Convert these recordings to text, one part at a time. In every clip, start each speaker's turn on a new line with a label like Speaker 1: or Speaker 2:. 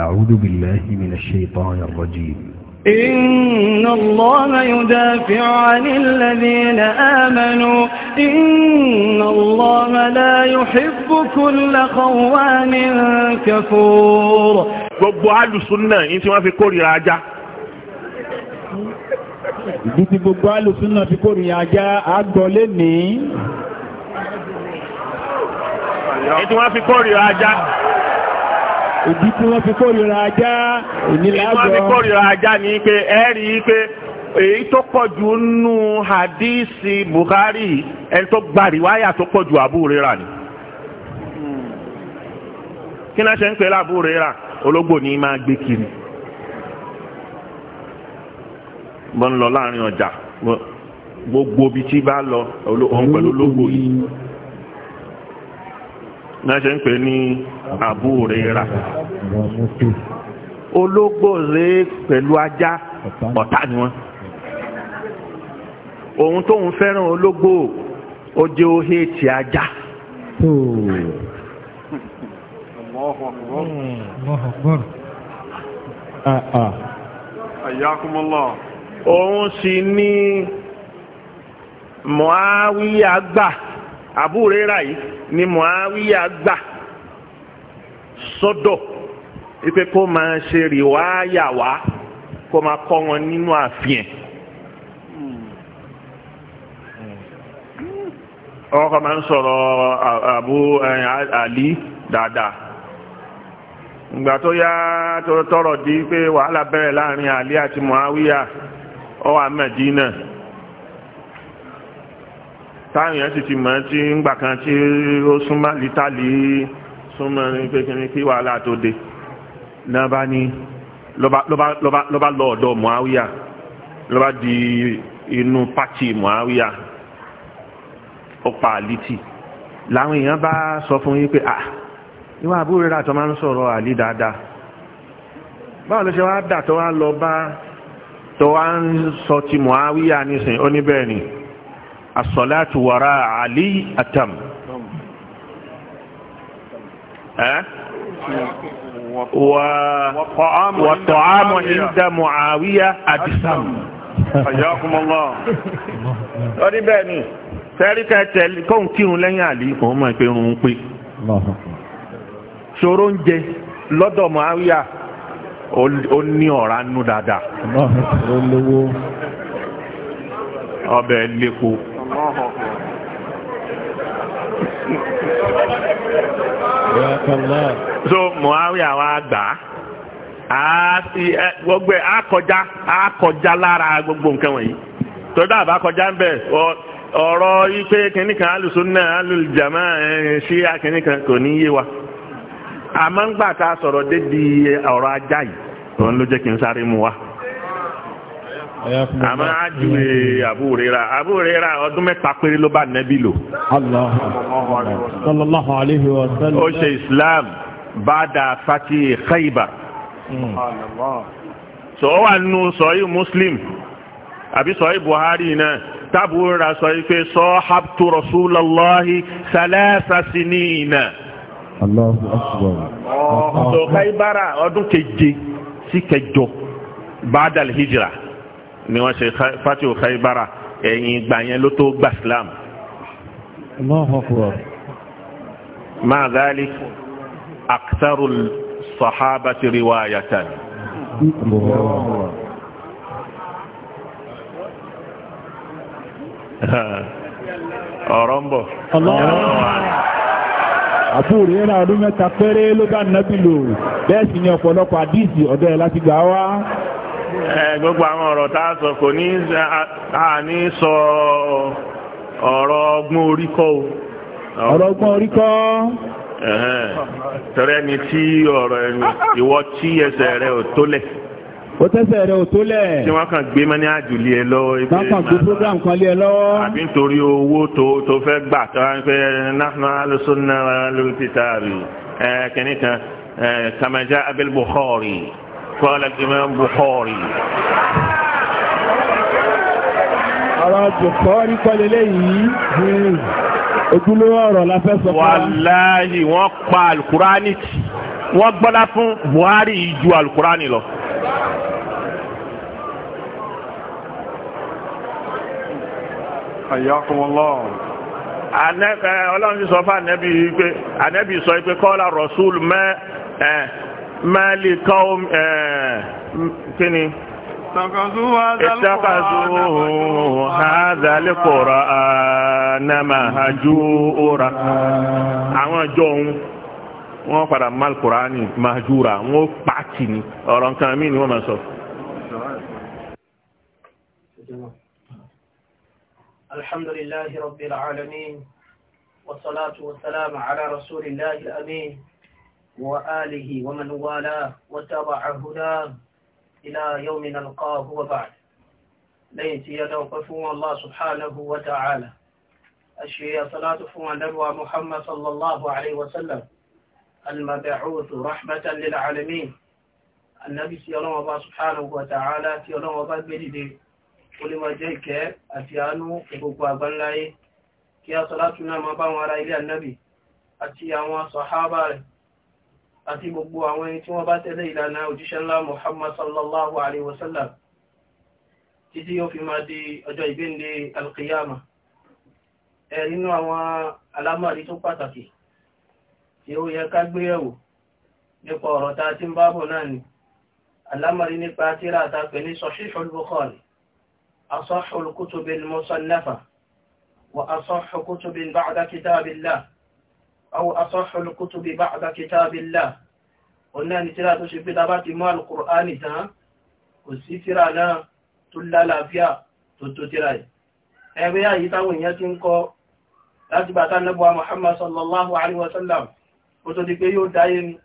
Speaker 1: أعوذ بالله من الشيطان الرجيم
Speaker 2: إن الله يدافع عن الذين آمنوا إن الله لا يحب كل خوان
Speaker 1: كفور بب أهل السنة إنت ما في كوري راجع بيتي بب أهل السنة في كوري راجع أقولني إنت ما في كوري راجع ìdí tí wọ́n fi kórìíra ajá ìnílágbọ́. ìdí wọ́n fi kórìíra ajá ní pé ẹ̀rí pé èyí tó pọ̀ jù nù hadisi Bukhari ẹni tó gba rìwáyà tó pọ̀ jù àbúrera ni kí náà ṣe ń pè lábúrera ológbò ní máa gbé kiri bọ́ ń lọ láàrin ọjà gbogbo ibi tí bá lọ òun pẹ̀lú ológbò yìí náà ṣe ń pè ní. Abu Rera ológbò rèé pẹ̀lú ajá ọ̀tá ni wọ́n òun ń fẹ́ràn ológbò ó jẹ́ ó héètì ajá. òun sì ní Muawiya gbà Abu Rera yìí ni Muawiya gbà. sọ́dọ̀ ipe kó máa ṣe rìwáyà wá kó máa kọ́ wọn nínú àfihàn. ọkọ̀ máa ń sọ̀rọ̀ àbú àlí dáadáa ìgbà tó yá tọrọ di pé wàhálà bẹ̀rẹ̀ láàrin àlí àti muawiya ọwọ́ amẹ́dínà táwọn èèyàn sì ti mọ̀ tí ń gbà kan tí ó súnmọ́ lítàlí súnmọ́ ní pé kí ni kí wàhálà tó dé náà bá ní lọ́ba lọ ọ̀dọ̀ Muawiya di inú pátì Muawiya ó pa àlítì làwọn èèyàn bá sọ fún yín pé ah ìwà àbúrò rẹ̀ àtọ́ máa ń sọ̀rọ̀ àlí dáadáa báwo ló ṣe wá dà tó wá lọ bá tó wá ń sọ ti Muawiya nísìnyí ó ní àlí àtàmù. والطعام عند معاوية أجسام حياكم الله orí bẹ́ẹ̀ ni sẹ́rí kẹ́tẹ́ kóun kírun lẹ́yìn àlè mọ̀ pé irun ń pé ṣòro ń jẹ lọ́dọ̀ ní nú dada. so muawiya wa gbà á sí ẹ gbogbo ẹ á kọjá á kọjá lára gbogbo nǹkan wọ̀nyí tó dáàbà kọjá ń bẹ̀ ọ̀rọ̀ ipe kìnnìkan alùsùnà alùjàmá ṣí akìnnìkan kò ní yé wa àmọ́ ń gbà ká sọ̀rọ̀ débi ọ̀rọ̀ ajá yìí òun ló jẹ́ n sáré mu wa. àmọ́ àjùwé àbúrera àbúrera ọdún mẹ́ta péré ló bá nẹ́bí lò. sallallahu alayhi wa sallam. ó ṣe islam bada fati khaybar. sọ wà nù sọ́yí muslim àbí sọ́yí buhari náà tábúrera sọ ife sọ habtu rasulallahi salasa sinina. Allahu akbar. sọ khaybara ọdún keje sí kẹjọ bada al ni wọ́n ṣe fatihu khaybara ẹ̀yìn ìgbà yẹn ló tó gba islam. máa dáálí akitaru sahaba ti riwayatan. ọ̀rọ̀ ń bọ̀. àbúrò yẹn náà ọdún mẹ́ta péré ló bá nàbí lò bẹ́ẹ̀ sì ni ọ̀pọ̀lọpọ̀ àdìsí ọ̀dọ́ ẹ̀ láti gbà wá gbogbo àwọn ọ̀rọ̀ tá a sọ kò ní àní sọ ọ̀rọ̀ ọgbọ́n orí kọ́ o. ọ̀rọ̀ ọgbọ́n orí kọ́. tẹ́rẹ́ ni tí ọ̀rọ̀ ẹ̀yìn ìwọ tí ẹsẹ̀ rẹ ò tólẹ̀. ó tẹ́sẹ̀ rẹ ò tólẹ̀. tí wọ́n kàn gbé mọ́ní àjùlé ẹ lọ́wọ́. wọ́n kàn gbé program kan lé ẹ lọ́wọ́. àbí nítorí owó tó fẹ́ gbà tó wá ń pẹ́ national sunna lórí títà rí kẹ́nìkan kàmájà abel bukhari. قال الإمام بخاري ara Bukhari pẹ̀lú eléyìí ojúlówó ọ̀rọ̀ la fẹ́ sọ. wàláyé wọ́n pa alukurani tì wọ́n gbọ́dá fún Buhari yìí ju alukurani lọ. ayakumullah. ọlọ́run ti sọ fún anabi pé anabi sọ pé kọ́lá rasul mẹ́ ẹ̀. Eh, مالكهم آه كني اتخذوا هذا القرآن مهجورا àwọn ìjọ òun wọ́n padà mal kùránì mahjura wọ́n pàtì ní ọ̀rọ̀ nǹkan mí ni
Speaker 3: الحمد لله رب العالمين والصلاة والسلام على رسول الله الأمين وآله ومن والاه وتبع هداه إلى يوم نلقاه وبعد لين تيادو قفو الله سبحانه وتعالى أشياء صلاة فو نبوى محمد صلى الله عليه وسلم المبعوث رحمة للعالمين النبي سيالون الله سبحانه وتعالى سيالون الله بجده قل وجهك أتيانو قبوا بلاي كيا صلاتنا مبان وراء إلى النبي أتيانو صحابه àti gbogbo àwọn ẹni tí wọ́n bá tẹ̀lé ìlànà òjíṣẹ́ ńlá Muhammad sallallahu alaihi wasallam títí yóò fi máa di ọjọ́ ìgbéǹde alkiyama ẹ̀rí nínú àwọn alámọ̀rí tó pàtàkì tí ó yẹ ká gbé ẹ̀wò nípa ọ̀rọ̀ ta ti ń bábọ̀ náà ni alámọ̀rí nípa tíra àtàpẹ̀ ní Sahihul Bukhari asahhul kutubil musannafa wa asahhu kutubin ba'da kitabillah أو أصح الكتب بعد كتاب الله قلنا نترى تشبه دابات ما القرآن تا وسيترى لا تلا لا فيا تتترى ẹgbẹ́ yáyí táwọn èèyàn ti ń kọ láti bàtà nẹ́bùwa Muhammad sallallahu alaihi wasallam o tó di pé yóò dáyé ní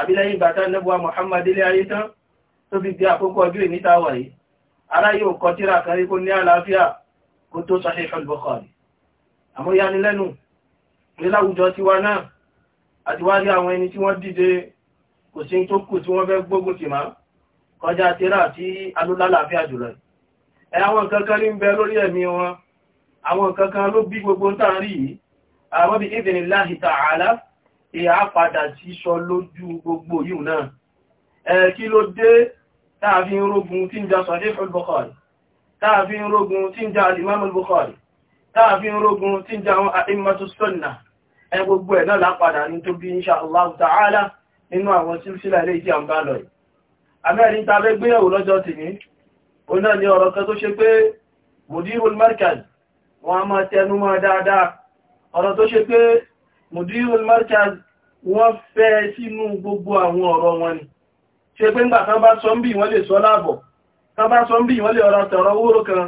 Speaker 3: àbílẹ́yìn bàtà nẹ́bùwa Muhammad ilé ayé tán tó fi bí àkókò ọjọ́ ìníta wà yìí kọ tíra kan rí kó ní pé láwùjọ tiwa náà àti wá rí àwọn ẹni tí wọ́n dìde kò sí tó kù tí wọ́n fẹ́ gbógun tì máa kọjá tírà tí alólálàáfíà jùlọ ẹ àwọn nǹkan kan ní ń bẹ lórí ẹ̀mí wọn àwọn nǹkan kan ló bí gbogbo ń tàn rí yìí àwọn bí idhnillahi al-Bukhari táàfin rogun tí al-Imam al-Bukhari láàfin rogun tí jẹ àwọn àìmọ́tò sọ́nà ẹ gbogbo ẹ̀ náà lápadà ní tó bí insha Allah awọn nínú àwọn sílsílà ilé ìjì àmbá lọ amẹ́rin ta fẹ́ gbéyàwó lọ́jọ́ tì ní o náà ni ọ̀rọ̀ kan tó ṣe pé mudirul markaz wọn a máa tẹnu gbogbo àwọn ọ̀rọ̀ wọn ni ṣe pé ń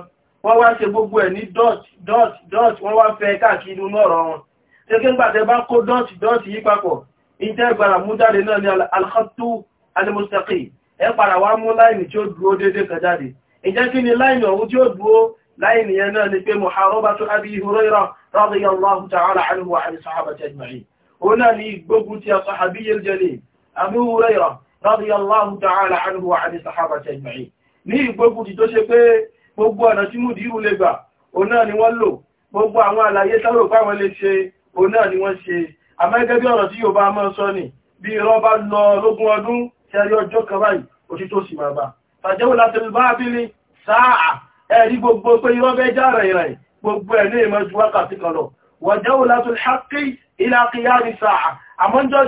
Speaker 3: wọ́n wá ṣe gbogbo ẹ̀ ní dot dot dot wọ́n wá fẹ́ káàkiri inú ọ̀rọ̀ wọn ṣe kí ń gbàtẹ́ bá kó dot dot yí papọ̀ ìtẹ́ ìgbàrà mú jáde náà ní alkhatu alimustaqi ẹ padà wá mú láìní tí ó dúró déédé kan ìjẹ́ kí ni láìní ọ̀hún tí ó dúró láìní yẹn náà ni pé muharabatu abi ní ìgbógun ti tó ṣe pé gbogbo ọ̀nà tí mú dìírù lè gbà òun náà ni wọ́n lò gbogbo àwọn àlàyé sáró fáwọn lè ṣe òun náà ni wọ́n ṣe àmẹ́gẹ́ bí ọ̀rọ̀ tí yóò bá mọ́ sọ nì bí irọ́ bá lọ lógún ọdún tí a rí ọjọ́ kan báyìí òtítọ́ sì máa bá tàjẹ́wò láti bá abílí sáà ẹ̀rí gbogbo pé irọ́ bẹ́ já rẹ̀ rẹ̀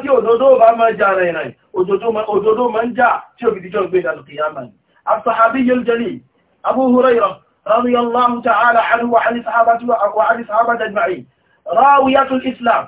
Speaker 3: tí òdodo bá máa já rẹ̀ rẹ̀ òdodo máa ń já tí أبو هريرة رضي الله تعالى عنه وعن صحابته وعن صحابته أجمعين راوية الإسلام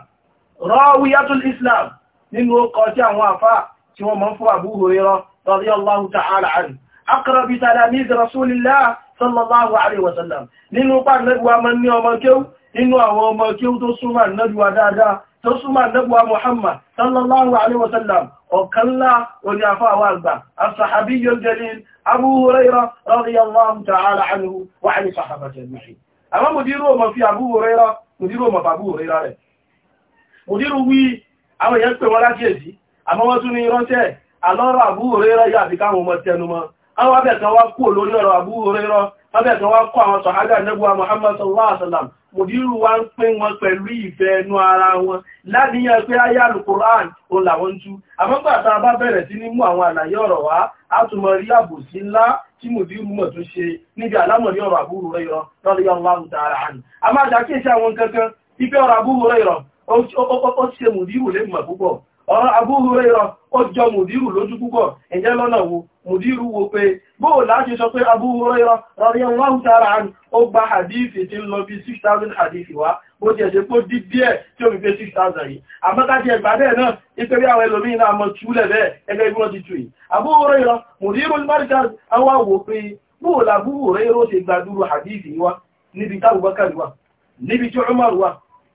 Speaker 3: راوية الإسلام من وقاتي وافاء سوى منفو أبو هريرة رضي الله تعالى عنه أقرب تلاميذ رسول الله صلى الله عليه وسلم من وقال نجوى من يوم الكو إنه هو ملكو تصوم النجوى دادا tó súnmọ́ àdẹ́gbà Muhammad sallallahu alaihi wasallam ọ̀kanlá orí afáwà àgbà as-sahabiyyul jalil Abu Hurairah radiyallahu ta'ala anhu wa ani sahabati ajma'in àwọn mùdírù ọmọ fi Abu Hurairah mùdírù ọmọ fàbú Hurairah rẹ̀ mùdírù wí àwọn èèyàn pè wọ́n lákèèsí àmọ́ wọ́n tún ní ránṣẹ́ alọ́rọ̀ Abu Hurairah yà àti káwọn ọmọ tẹnumọ́ àwọn abẹ́ẹ̀kan wá kú olórí ọ̀rọ̀ Abu Hurairah abẹ́ẹ̀kan wá kú àwọn sọ̀hádà nẹ́gbà Muhammad sallallahu alaihi wasallam mùdírù wa ń pín wọn pẹ̀lú ìfẹ́ ẹnu ara wọn láníyàn pé ayé alukoran òun làwọn ń tú àmọ́gbàtà bá bẹ̀rẹ̀ sí ní mú àwọn àlàyé ọ̀rọ̀ wá átùmọ̀ rí àbòsí ńlá tí mùdírù mọ̀ tó ṣe níbi àlámọ̀rí ọ̀rọ̀ àbúrò rẹ̀ yọ lọ́rọ̀ yọ ńlá ọ̀tà ara hàn a máa ṣàkíyèsí àwọn kankan ibi ọ̀rọ̀ àbúrò rẹ̀ yọ ó ṣe mùdírù lè mọ̀ púpọ̀ ọ̀rọ̀ Abu Hurairah ọjọ́ mùdírù lójú púpọ̀ ẹ̀jẹ́ lọ́nà wo mùdírù wo pé bóò láti sọ pé Abu Hurairah radiyallahu ta'ala anhu ó gba hadithi tí ń lọ bí 6,000 hadithi wá bó ti ẹ̀ṣẹ́ pó dí díẹ̀ tí ó fi pé 6,000 yìí àmọ́ta ti ẹgbà bẹ́ẹ̀ náà ipé bí àwọn ẹlòmí náà mọ̀ túlẹ̀ bẹ́ẹ̀ ẹgbẹ́ ibi wọ́n ti tù yìí Abu Hurairah mùdírù al-markaz àwọn àwò pé bóò làbú Hurairah ṣe gbàdúrú hadithi wá níbi tábùbákàrí wá níbi tí Umar wá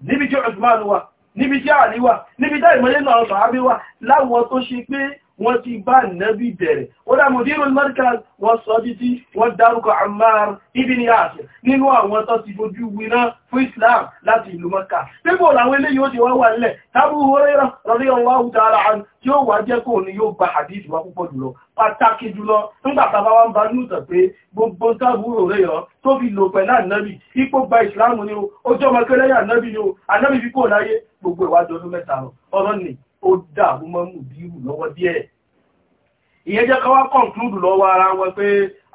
Speaker 3: níbi tí Uthman wá níbi jẹ́ àríwá níbi jẹ́ ìmọ̀lẹ́nà ọ̀sán àbíwá láwọn tó ṣe pé wọ́n ti bá nẹ́bí bẹ̀rẹ̀ ó dá mudirul markaz wọ́n sọ títí wọ́n dárúkọ Ammar ibn Yasir nínú àwọn tó ti fojú winá fún Islam láti ìlú Mẹ́kà pípò làwọn eléyìí ó ti wá wà nílẹ̀ tábù Hurairah radiyallahu ta'ala anhu tí ó wà jẹ́ kóò ní yóò gba hadith wa púpọ̀ jùlọ pàtàkì jùlọ nígbàtà bá wá ń ba núùtàn ó dàrú mọ́ mùdírù lọ́wọ́ díẹ̀ ìyẹn jẹ́ ká wá kọ̀ǹklúdù lọ́wọ́ ara wọn pé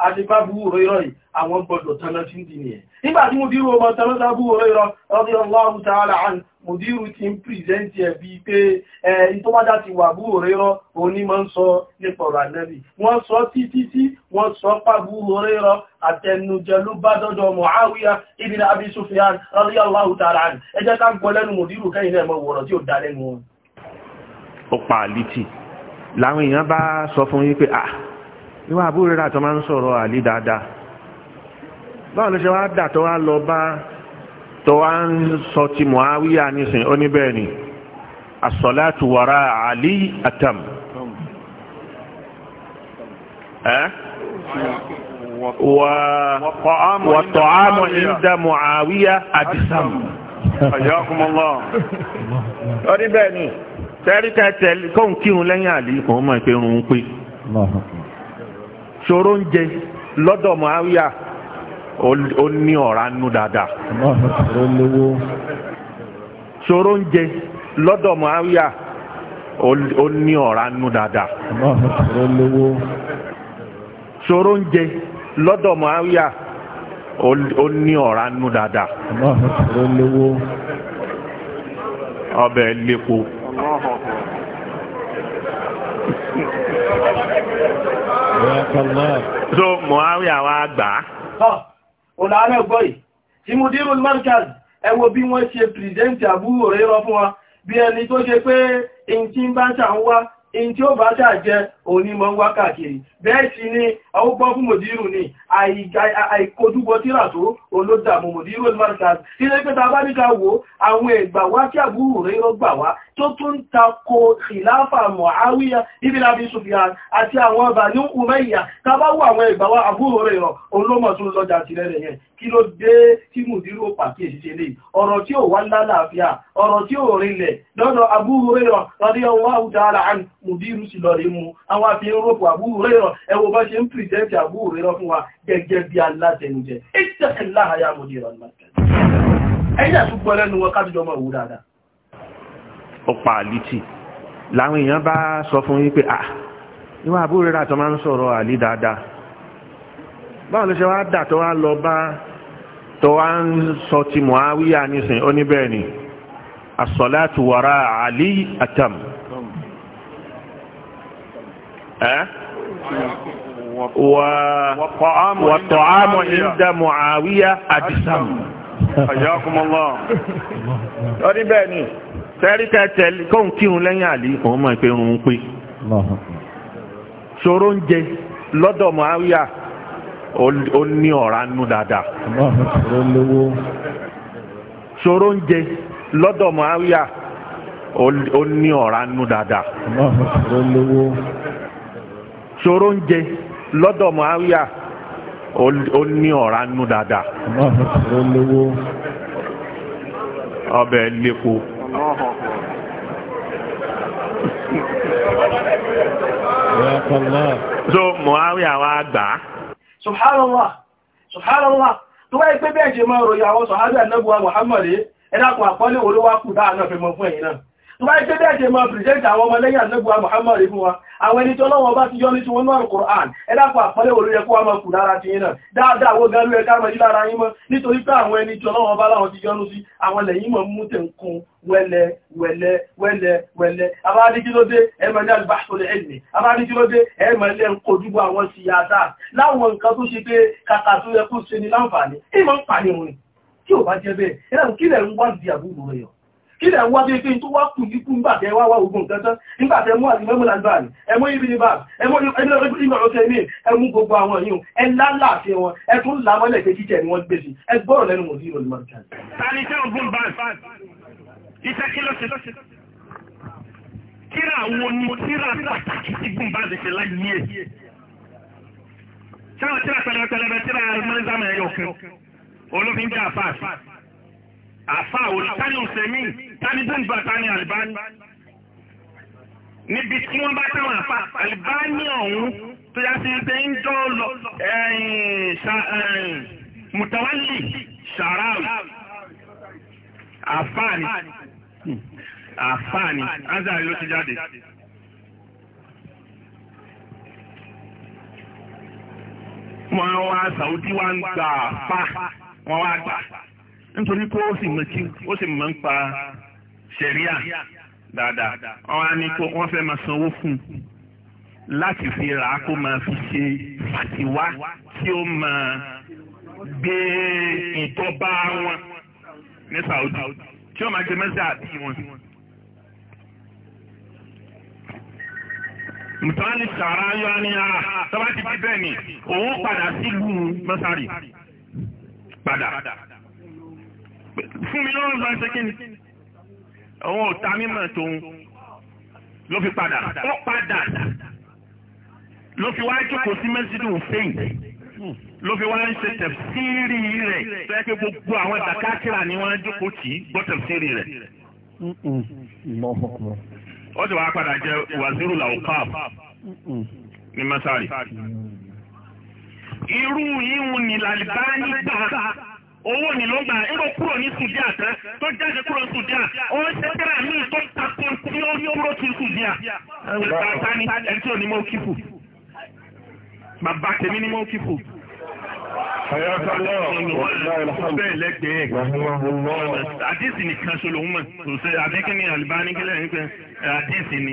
Speaker 3: àdìbá buwú rírọ̀ yìí àwọn gbọdọ̀ tánà tí ń dì nìyẹn nígbà tí mùdírù ọmọ tánà tábú rírọ̀ rọ́dí Allahu ta'ala an mùdírù ti ń pìrìsẹ́ntì ẹ̀ bíi pé ẹ̀ẹ́n tó bá dá ti wà bú rírọ̀ òní máa ń sọ nípa ọ̀rọ̀ ànẹ́bì wọ́n sọ títí tí wọ́n sọ pàbú rírọ̀ àtẹnujẹ ló bá dọ́dọ̀ Muawiya ibn Abi Sufyan rọ́dí Allahu ta'ala an ẹ jẹ́ ká gbọ́ lẹ́nu mùdírù kẹ́yìn náà mọ̀ wọ̀rọ̀ tí ó dá lẹ́nu wọn
Speaker 1: ó pa àlítì làwọn èèyàn bá sọ fún yín pé à ìwà àbúrò rẹ̀ àtọ́ máa ń sọ̀rọ̀ àlí dáadáa báwọn ló ṣe wá dà tó wá lọ bá tó wá ń sọ ti Muawiya nísìn ó ní bẹ́ẹ̀ ni as-salatu wara àlí atam wàtọ̀ámù ìdá Muawiya àdìsàm.
Speaker 4: Àyọ́kùnmọ́lọ́.
Speaker 1: Ó ní bẹ́ẹ̀ ni. tẹ́ríkà tẹ̀lé kóun kírun lẹ́yìn àlè kò mọ̀ pé ń pé ṣòro ń jẹ lọ́dọ̀ mọ̀háwíyà ó ní ọ̀rá nú ṣòro ń jẹ lọ́dọ̀ ó ní ọ̀rá nú ṣòro ń jẹ lọ́dọ̀ ó ní so Muawiya wa gbà.
Speaker 3: Ah, ọ̀làárẹ̀ gbọ́ yìí tí mo dírò markaz ẹ wo bí wọ́n ṣe pìrìdẹ́ntì àbúrò rẹ̀ rọ fún wa bí ẹni tó ṣe pé in tí ń bá ṣà ń wá in tí ó bá ṣà jẹ òní wákàkiri bẹ́ẹ̀ sí ni àwọ́gbọ́ fún mòdírù ni àìkojúgbọ́ tíra tó olódàmù mòdírù olmarkas tí lè pẹ́ta bá ní ká wo àwọn ẹgbà wá tí àbúrò rẹ̀ rọ́gbà wá tó tún tako ìláfà Muawiya ibn Abi Sufyan àti àwọn ọba ní Umayya ká bá wọ àwọn ẹgbà wá àbúrò rẹ̀ rọ olómọ̀ tó lọ́jà tirẹ̀ rẹ̀ yẹn kí ló dé tí mùdírù pàkíyèsí ṣe Abu Hurairah radiyallahu ta'ala an mùdírù sì lọ rí mu Abu Hurairah náà ẹwọ bá ṣe ń pìrìsẹ́ntì àbúrò rẹ̀ lọ fún wa gẹ́gẹ́ bí alátẹnujẹ ìtẹ́kẹ̀láhàyà mọ̀dé ìrọ̀lẹ́
Speaker 1: báwọn ló ṣe wá dà tó wá lọ bá tó wá ń sọ ti Muawiya nísìn oníbẹ̀ẹ̀ni as-salatu wara Ali atam والطعام عند معاوية أجسام حياكم الله ọdún bẹ́ẹ̀ ni tẹ́ríkẹ́ tẹ́lẹ̀ kó ń kírun lẹ́yìn ọ̀rá nú dáadáa ń jẹ lọ́dọ̀ ọ̀rá nú ṣòro ń jẹ lọ́dọ̀ muawiya ó ní ọ̀rá nú dáadáa. ọbẹ̀ lépo. so muawiya wa gbà á.
Speaker 3: subhanallah subhanallah tó wáyé pé bẹ́ẹ̀ ṣe máa ròyìn àwọn sọ̀hádà náà bu wa muhammad ẹ̀dá kan àpọ́lé olówó fún ẹ̀yìn náà. bá jẹ́ bẹ́ẹ̀jẹ̀ máa pìrìsẹ́ntì àwọn ọmọ lẹ́yìn àdẹ́gbà Muhammadu fún wa àwọn ẹni tọ́lọ́wọ́ bá ti yọ́ ní tí wọ́n náà Kùrán ẹ̀dàpọ̀ àpọ́lẹ̀ olóyẹ kó wá máa kù lára ti yínà dáadáa wọ́n gan lóyẹ káàmà yìí lára yín mọ́ nítorí pé àwọn ẹni tọ́lọ́wọ́ bá láwọn ti yọ́nú sí àwọn lẹ́yìn mọ̀ mú tẹ̀ ń kún wẹ́lẹ́ wẹ́lẹ́ wẹ́lẹ́ wẹ́lẹ́ abáadíkílódé ẹ̀mọ̀ ní alìbáṣọlẹ̀ ẹ̀mí abáadíkílódé ẹ̀mọ̀ ilẹ̀ ń kojú àwọn síyáṣà bá jẹ́ kí lẹ̀ ń wá di àbúrò rẹ̀ kílẹ̀ wá bí kí n tó wá kù níkú ńgbàtẹ́ wá wá ogun tẹ́tẹ́ nígbàtẹ́ mú àti mẹ́mú làgbàrí ẹmú ibi ní báàbù ẹmú ìgbàlókè ní ẹmú gbogbo àwọn yìí ẹ lálàáfíà wọn ẹ tún làmọ́lẹ̀ pé jíjẹ ni wọ́n gbé sí ẹ gbọ́rọ̀ lẹ́nu mọ̀ sí ìrọ̀lẹ́ mọ̀lẹ́kà
Speaker 1: Tíra àwọn ni tíra pàtàkì tí gùn bá ṣe láyé ẹ̀. Ṣáwọn tíra pẹ̀lẹ̀pẹ̀lẹ̀ tíra mọ́lẹ́sàmẹ̀ ẹ̀yọ̀kẹ́. Olófin jẹ́ àfáà. Àfáà òlùtánù sẹ́mí tani zanzibar tani alibani níbi tí wọ́n bá táwọn àfà alibani ọ̀hún tó yá sí pé ń jọ lọ mutawalli sharawi àfáàní àfáàní azari ló ti jáde wọ́n wá sàúdí wá ń gba àfá wọ́n wá gbà nítorí pé ó sì mọ̀ ń pa ṣẹ̀ríà dáadáa wọ́n á ní kó wọ́n fẹ́ máa sanwó fún un láti fi rà á kó máa fi ṣe fàtiwá tí ó máa gbé ìtọ́ba wọn ní Saudi tí ó máa jẹ mẹ́sà àti wọn. mùtọ́lì sàrà yọ ní ara ah, tọ́ba ti fi bẹ́ẹ̀ ni òun padà sílùú mọ́sárì padà fún mi lọ́rùn lọ́sẹ̀kínì òun ò ta mímọ̀ tóun ló fi padà ó padà ló fi wá jókòó sí mẹ́sídù hussein ló fi wá ń ṣe tẹ̀síìrì
Speaker 2: rẹ̀ tó yẹ kí gbogbo
Speaker 1: àwọn ìdàkàkìrà ni wọ́n jókòó tì í gbọ́ tẹ̀síìrì rẹ̀. ó sì wá padà jẹ wàzírù làwùkáp ní masari.
Speaker 3: irú yíyún ni làlìbáyé gbà owó ni ló ń gbà ẹgbẹ́ kúrò ní sùdíà tẹ́ tó jáde kúrò
Speaker 1: sùdíà òun ṣe tẹ́lá mi tó tako tí ó ní kúrò tí sùdíà bàbá ni ẹni tí ò ní mọ́ kífù bàbá tèmi ní mọ́ kífù. Àdìsí nìkan ṣolóhùn mọ̀, àdìsí ni àlìbá ní kílẹ̀ nípa àdìsí ni.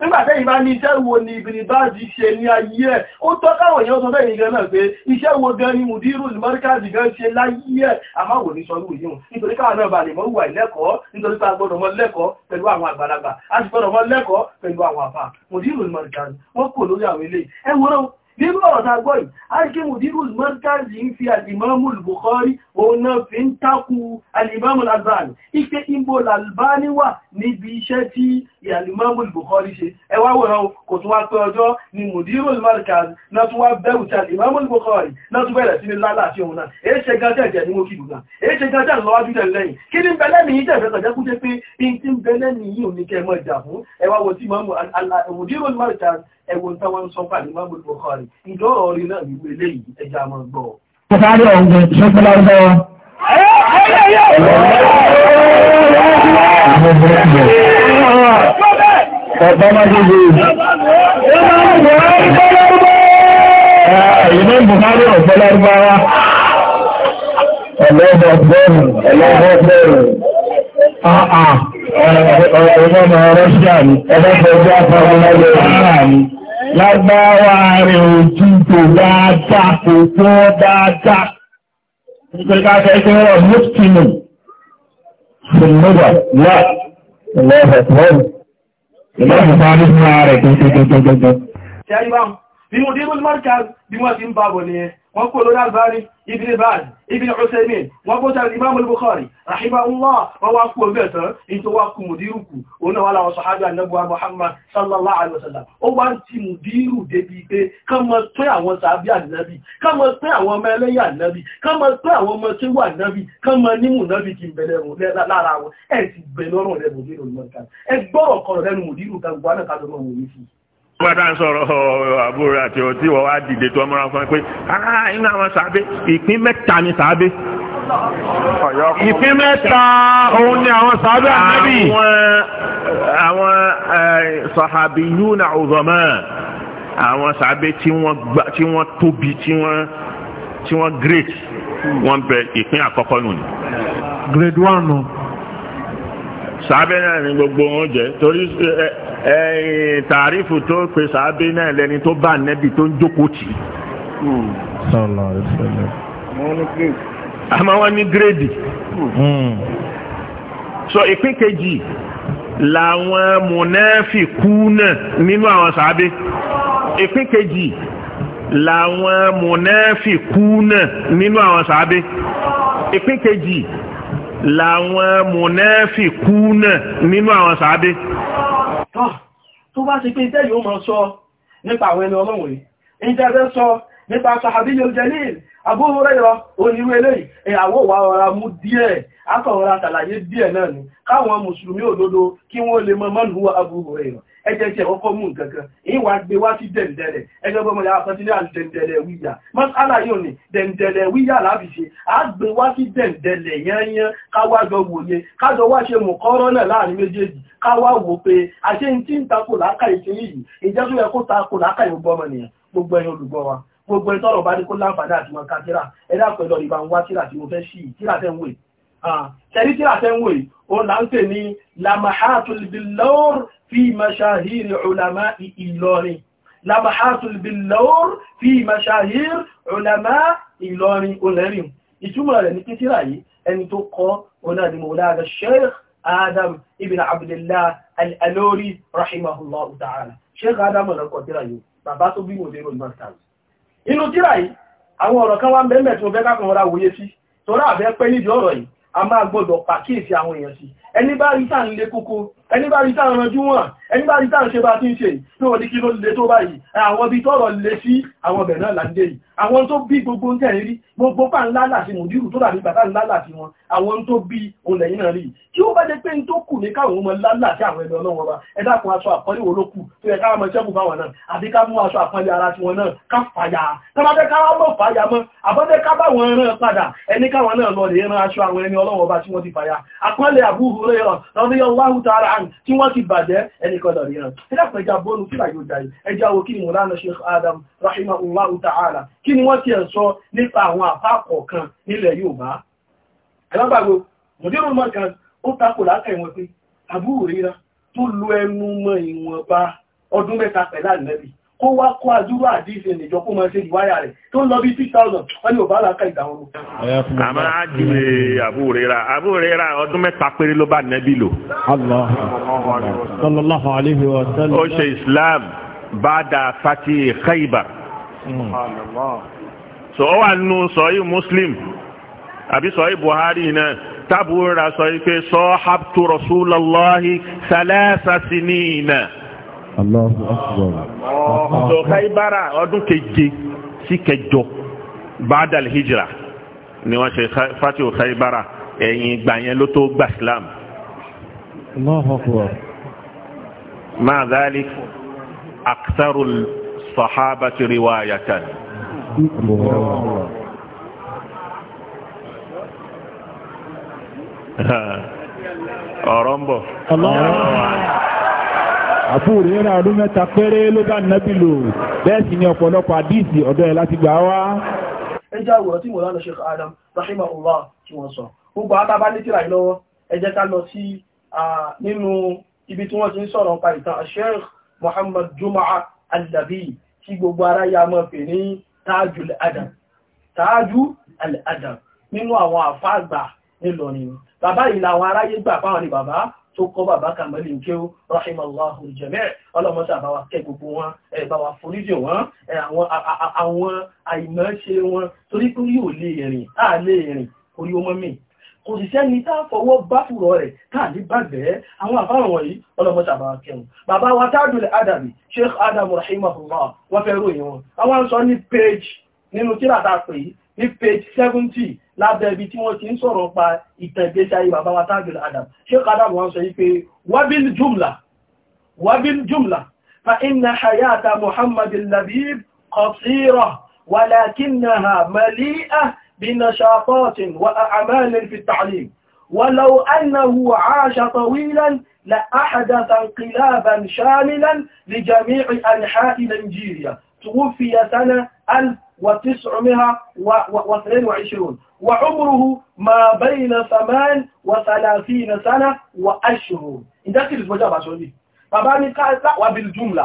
Speaker 3: nígbàtẹ́ ìbá ní iṣẹ́ wo ni Ibn Baz ṣe ní ayé ẹ̀ ó tọ́ káwọn èèyàn sọ bẹ́ẹ̀ gan náà pé iṣẹ́ wo gan ni mùdírù ní mọ́ríkàzì gan ṣe láyé ẹ̀ àmáwò ní sọlú yìí nítorí káwọn náà bá lè mọ́ wà lẹ́kọ̀ọ́ nítorí pé a gbọ́dọ̀ mọ́ lẹ́kọ̀ọ́ pẹ̀lú àwọn àgbàlagbà a sì gbọ́dọ̀ mọ́ lẹ́kọ̀ọ́ pẹ̀lú àwọn àfà mùdírù ní mọ́ríkàzì wọ́n kò lórí àwọn eléyìí ẹ nínú ọ̀tà gbọ́ì ákímù dínú mọ́káàzì ń fi alìmọ́mù Bukhari òun náà fi ń takú alìmọ́mù Albani ike imbo Albani wà níbi iṣẹ́ tí alìmọ́mù Bukhari ṣe ẹwà wòrán kò tún wá pẹ́ ọjọ́ ni mùdírù mọ́káàzì náà tún wá bẹ̀rù tí alìmọ́mù Bukhari náà tún bẹ̀rẹ̀ sí ní lálàáfíà òun náà èé ṣe gájá ìjẹ́ ní wókìlú náà èé ṣe gájá lọ́wájú jẹ́ ẹwọ tí wọ́n ń sọ pàdé má gbogbo ọkọ̀ rẹ̀ ìjọ ọ̀rí náà wíwé léyìí ẹja mọ́ gbọ́. Ṣọ́kàrí ọ̀gbìn ṣọ́kàrí ọ̀gbìn.
Speaker 4: Ọ̀pá máa ṣe ṣe. Ìmọ̀ Bùhárí ọ̀pẹ́ lárúbáwá. Ẹlẹ́bọ̀ bẹ́ẹ̀rù, ẹlẹ́bọ̀ bẹ́ẹ̀rù. Ọmọ ọmọ Rọ́ṣíà ni, ẹlẹ́bọ̀ jẹ́ àpá ọmọ ọmọ Rọ́ṣíà ni lágbára rẹ̀ ojú tó dáadáa kò tó dáadáa nítorí káàkiri ẹgbẹ́ rọ̀ mọ́tìmù ṣùgbọ́n wà lọ́wọ́ pọ̀lú ìlọ́wọ́ sáré fún ààrẹ
Speaker 3: gẹ́gẹ́gẹ́gẹ́gẹ́ wọ́n kó lórí albari ibi ibáàdì ibi ọ̀sẹ̀mí wọ́n kó tàbí imam al-bukhari rahimahullah wọ́n wá kú ọgbẹ̀ tán in tó wá kú mùdírùkù oní wà láwọn sọ̀hájú annabuwa muhammad sallallahu alaihi wasallam ó wá ń ti mùdírù débi pé kọmọ pé àwọn sàábí ànábì kọmọ pé àwọn ọmọ ẹlẹ́yà ànábì kọmọ pé àwọn ọmọ tí wà ànábì kọmọ nímù ànábì kí n bẹ̀lẹ̀ lára
Speaker 1: wọ́n bá ń sọ̀rọ̀ àbúrò àti ọtí wọ́n wá dìde tó ọmọràn fún ẹ pé ah, inú àwọn sàábé ìpín mẹ́ta ni sàábé. ìpín mẹ́ta òun ni àwọn sàábé ànábì. àwọn sàhábì yúnà ọ̀zọ̀mọ́ àwọn sàábé tí wọ́n tóbi tí wọ́n great wọ́n bẹ ìpín àkọ́kọ́ nù ni.
Speaker 4: grade one nù.
Speaker 1: sàábé náà ni gbogbo wọn jẹ torí ẹ tàrífù tó pe sàábé náà lẹni tó bá nẹ́bì tó ń jókòó tì. àmọ́ wọ́n ní gírèdì. Hmm. so ìpín kejì làwọn mùnáfìkú náà nínú àwọn sàábé ìpín kejì làwọn mùnáfìkú náà nínú àwọn sàábé ìpín kejì làwọn mùnáfìkú náà nínú àwọn sàábé
Speaker 3: tó bá ti pé ìtẹ́ yóò mọ̀ sọ nípa àwọn ẹni ọlọ́run yìí ìjẹ́fẹ́ sọ nípa sàhàbíyà jalil Abu Hurairah onírú eléyìí ìyàwó wa ọ̀rá mú díẹ̀ akọ̀ọ̀rá tàlàyé díẹ̀ náà ni káwọn mùsùlùmí òdodo kí wọ́n lè mọ́ mọ́lùú Abu Hurairah ẹjẹ́ tí ẹ̀kọ́kọ́ mú nǹkan kan èyí wà gbé wá sí dẹ̀ndẹ̀lẹ̀ ẹjọ́ gbọ́mọlẹ̀ àkọsílẹ̀ àti dẹ̀ndẹ̀lẹ̀ wíyà masala yóò ní dẹ̀ndẹ̀lẹ̀ wíyà láti ṣe á gbé wá sí dẹ̀ndẹ̀lẹ̀ yányán káwájọ wòye kájọ wá ṣe mọ̀kọ́rọ́ náà láàrin méjèèjì káwá wò pé àṣẹ ń tí ń takò lákàyè ṣe yìí ìjẹ́ tó yẹ kó takò lákàyè gbọ́mọnìyàn gbogbo tẹ́rí tí àtẹ́wò o là ń pè ní lamahatul bilawr fi mashahir ulama ìlọrin lamahatul bilawr fi mashahir ulama ìlọrin olẹ́rin ìtumọ̀ rẹ̀ ní títíra yìí ẹni tó kọ́ onáàdì mọ̀lára sheikh adam ibn abdullah al-alori rahimahullah ta'ala sheikh adam ọ̀lọ́kọ̀ tíra yìí bàbá tó bí mo lérò ìmọ̀tàlù inú tíra yìí àwọn ọ̀rọ̀ kan wá ń bẹ́ẹ̀ tí mo fẹ́ kákan ọ̀rá wòye sí torá àfẹ́ pẹ́ nídìí ọ̀rọ̀ yìí a máa gbọ́dọ̀ pàkíyèsí àwọn èèyàn sí ẹni bá rí tàà ń lé kókó ẹni bá rí tàà ránjú wọn ẹni bá rí tàà ṣe bá tí ń ṣe tó wọ́n ní kí ló lè tó báyìí àwọn ibi tọ́rọ̀ lè sí àwọn ọbẹ̀ náà láńdé yìí àwọn tó bí gbogbo ń tẹ̀rí gbogbo pà ńlá láti mùdírù tó dàbí bàtà ńlá láti wọn àwọn tó bí òun lẹ́yìn náà rí kí ó bá jẹ́ pé ń tó kù ní káwọn ọmọ ńlá láti àwọn ẹgbẹ́ ọlọ́wọ́ wa ẹ dákun aṣọ àpọ́nlé wo ló kù tó yẹ káwọn ọmọ ṣẹ́kù fáwọn náà àbí ká mú aṣọ àpọ́nlé ara tiwọn náà ká fàyà tọ́bátẹ́ ká wọ́n mọ̀ fàyà mọ́ àbọ́tẹ́ ká bá wọn rán padà ẹni káwọn náà lọ rèé rán aṣọ àwọn ẹni ọlọ́wọ́ bá tí wọ́n ti fàyà àpọ́nlé àbúrò Hurairah radiyallahu ta'ala anhu tí wọ́n ti bàjẹ́ ẹnìkan lọ ríran ẹjá pẹja bọ́ọ̀lù kí làyò dáyé ẹjá wo kí ni Mawlana Sheikh Adam rahimahullahu ta'ala kí ni wọ́n ti ẹ̀ sọ nípa àwọn àpá kọ̀ọ̀kan nílẹ̀ Yorùbá ẹlágbàgbò mọ̀dérò mọ́ kan ó ọdún mẹ́ta pẹ̀lá nẹ́bì kó wá kó àdúrú àdíṣe ìjọ kó máa ṣe ìwáyà rẹ̀ tó ń lọ bí 6,000 wọ́n ni ò bá láka ìdáwọn mú.
Speaker 1: a máa jùlé àbúrera àbúrera ọdún mẹ́ta péré ló bá nẹ́bí lò. ó ṣe Islam bada fati Khaybar. sọ wà nù sọyí Muslim àbí sọyí Buhari náà tábùrera sọ pé sọ habtu Rasulullahi salasa sinina. Allahu akbar. ọ̀sọ̀ káyibára ọdún keje sí kẹjọ bàdàl hijra ni wọ́n ṣe fatihu káyibára ẹ̀yìn ìgbà yẹn ló tó gbà islam. Allahu akbar. máa dáálí aktarul sahabati riwayatan. ọ̀rọ̀ ń bọ̀ àfúrò yẹn náà ọdún mẹ́ta péré ló bá nàbí lò bẹ́ẹ̀ sì ni ọ̀pọ̀lọpọ̀ àdíìsì ọ̀dọ̀ ẹ̀ láti gbà
Speaker 3: wá. ẹ àwòrán tí mọ̀lánà Sheikh Adam rahimahullah tí wọ́n sọ gbogbo àtàbá ní tìrà ìlọ́wọ́ ẹ jẹ́ ká lọ sí nínú ibi tí wọ́n ti ń sọ̀rọ̀ nípa ìtàn Sheikh Muhammad Jumaa al-Labi tí gbogbo ara ya mọ̀ pé ní Tájú al-Adab Tájú al-Adab nínú àwọn àfáàgbà nílọrin bàbá ìlà àwọn aráyé gbà fáwọn ni bàbá tó kọ́ bàbá kàmẹ́lì ń kéwú rahimallahu jami' ọlọ́mọta àbáwá kẹ́ gbogbo wọn ẹ̀báwá foríjì wọn àwọn àìmọ́ṣe wọn torí pé yóò lè rìn á lè rìn orí ọmọ mi kò sì sẹ́ni tá fọwọ́ bá fùrọ̀ rẹ̀ káàdì bàgbẹ́ àwọn àfáàrùn wọ̀nyí ọlọ́mọta àbáwá kẹrùn bàbá wa tádùn adàbí sheikh adam rahimahullah wọ́n fẹ́ ròyìn wọn àwọn sọ ní page nínú tíra tá a pè yìí ní page 70 lábẹ́ ibi tí wọ́n ti ń sọ̀rọ̀ pa ìtẹ̀gbésí ayé bàbá wa tábìlì adam ṣe kádà wọ́n sọ wípé wabil jumla wabil jumla fa inna hayata muhammadin labib qasira walakinnaha mali'a bí binashaqatin wa a'malin fi ta'lim ولو أنه ahada طويلا لأحدث انقلابا شاملا لجميع أنحاء نيجيريا توفي سنة sana وتسعمائة واثنين وعشرون وعمره ما بين ثمان وثلاثين سنة وأشهر إذا كنت بجاب أشهر bàbá ní káàkà wà bí jùmlà